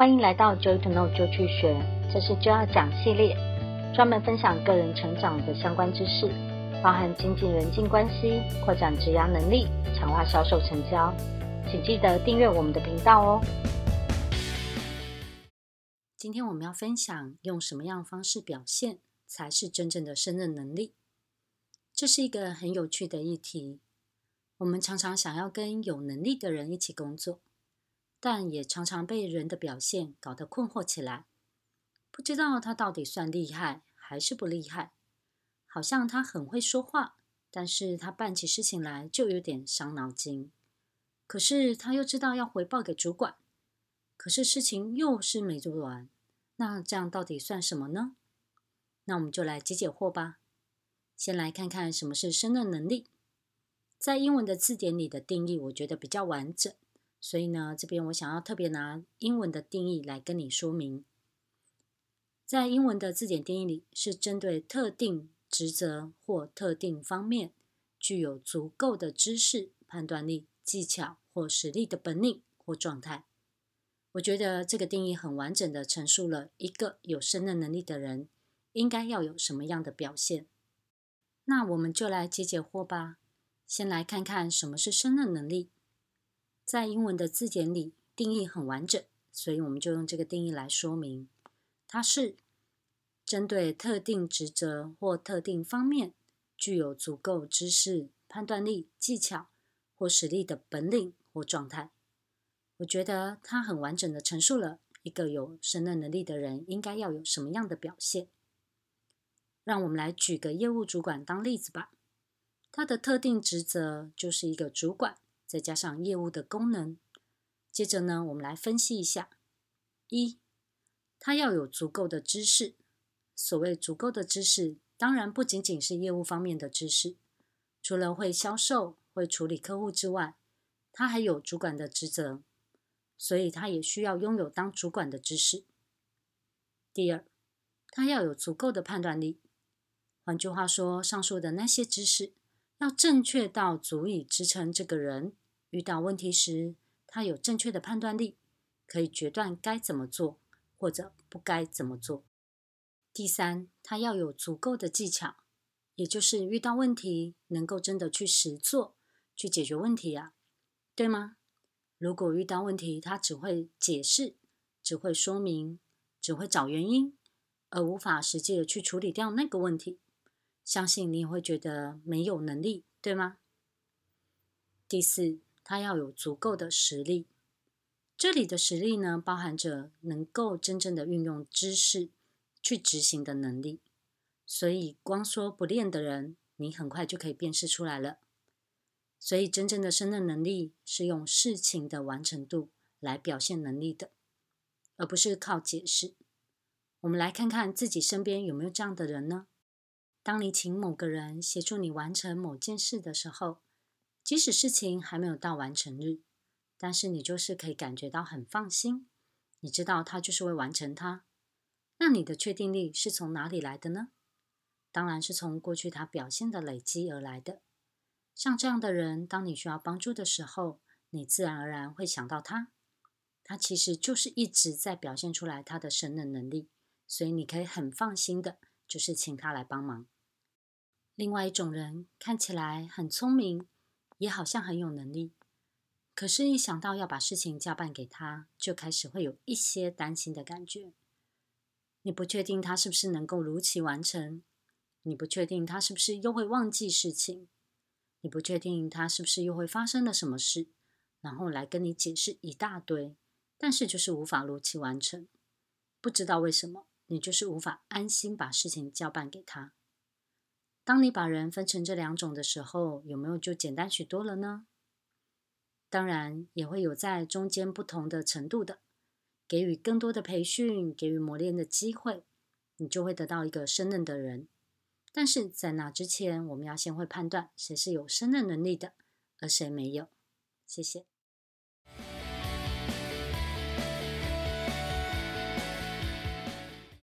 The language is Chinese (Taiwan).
歡迎來到 Joy To Know 就去學，這是 Joy 要講系列，專門分享個人成長的相關知識，包含增進人際關係、擴展職業能力、強化銷售成交。請記得訂閱我們的頻道哦。今天我們要分享，用什麼樣的方式表現，才是真正的勝任能力？這是一個很有趣的議題。我們常常想要跟有能力的人一起工作。但也常常被人的表現搞得困惑起來，不知道他到底算厲害還是不厲害。好像他很會說話，但是他辦起事情來就有點傷腦筋。可是他又知道要回報給主管，可是事情又是沒做完，那這樣到底算什麼呢？那我們就來解解惑吧。先來看看什麼是勝任能力，在英文的字典裡的定義，我覺得比較完整。所以呢，這邊我想要特別拿英文的定義來跟你說明，在英文的字典定義裡，是針對特定職責或特定方面，具有足夠的知識、判斷力、技巧或實力的本領或狀態。我覺得這個定義很完整的陳述了一個有勝任能力的人應該要有什麼樣的表現。那我們就來解解惑吧，先來看看什麼是勝任能力。在英文的字典裡，定義很完整，所以我們就用這個定義來說明。它是針對特定職責或特定方面，具有足夠知識、判斷力、技巧或實力的本領或狀態。我覺得它很完整的陳述了一個有勝任能力的人應該要有什麼樣的表現。讓我們來舉個業務主管當例子吧。他的特定職責就是一個主管。再加上業務的功能，接着呢，我們來分析一下：一，他要有足夠的知識。所謂足夠的知識，當然不僅僅是業務方面的知識，除了會銷售、會處理客戶之外，他還有主管的職責，所以他也需要擁有當主管的知識。第二，他要有足夠的判斷力。換句話說，上述的那些知識。要正確到，足以支撐這個人，遇到問題時，他有正確的判斷力，可以決斷該怎麼做，或者不該怎麼做。第三，他要有足夠的技巧，也就是遇到問題能夠真的去實做，去解決問題呀、啊，對嗎？如果遇到問題，他只會解釋，只會說明，只會找原因，而無法實際的去處理掉那個問題。相信你也會覺得沒有能力，對嗎？第四，他要有足夠的實力。這裡的實力呢，包含着能夠真正的運用知識去執行的能力。所以，光說不練的人，你很快就可以辨識出來了。所以，真正的勝任能力是用事情的完成度來表現能力的，而不是靠解釋。我們來看看自己身邊有沒有這樣的人呢？當你請某個人協助你完成某件事的時候，即使事情還沒有到完成日，但是你就是可以感覺到很放心，你知道他就是會完成他，那你的確定力是從哪裡來的呢？當然是從過去他表現的累積而來的。像這樣的人，當你需要幫助的時候，你自然而然會想到他。他其實就是一直在表現出來他的勝任能力，所以你可以很放心的，就是請他來幫忙。另外一種人看起來很聰明，也好像很有能力，可是，一想到要把事情交辦給他，就開始會有一些擔心的感覺。你不確定他是不是能夠如期完成，你不確定他是不是又會忘記事情，你不確定他是不是又會發生了什麼事，然後來跟你解釋一大堆，但是就是無法如期完成。不知道為什麼，你就是無法安心把事情交辦給他。當你把人分成這兩種的時候，有沒有就簡單許多了呢？當然也會有在中間不同的程度的，給予更多的培訓，給予磨練的機會，你就會得到一個勝任的人。但是在那之前，我們要先會判斷誰是有勝任能力的，而誰沒有。謝謝。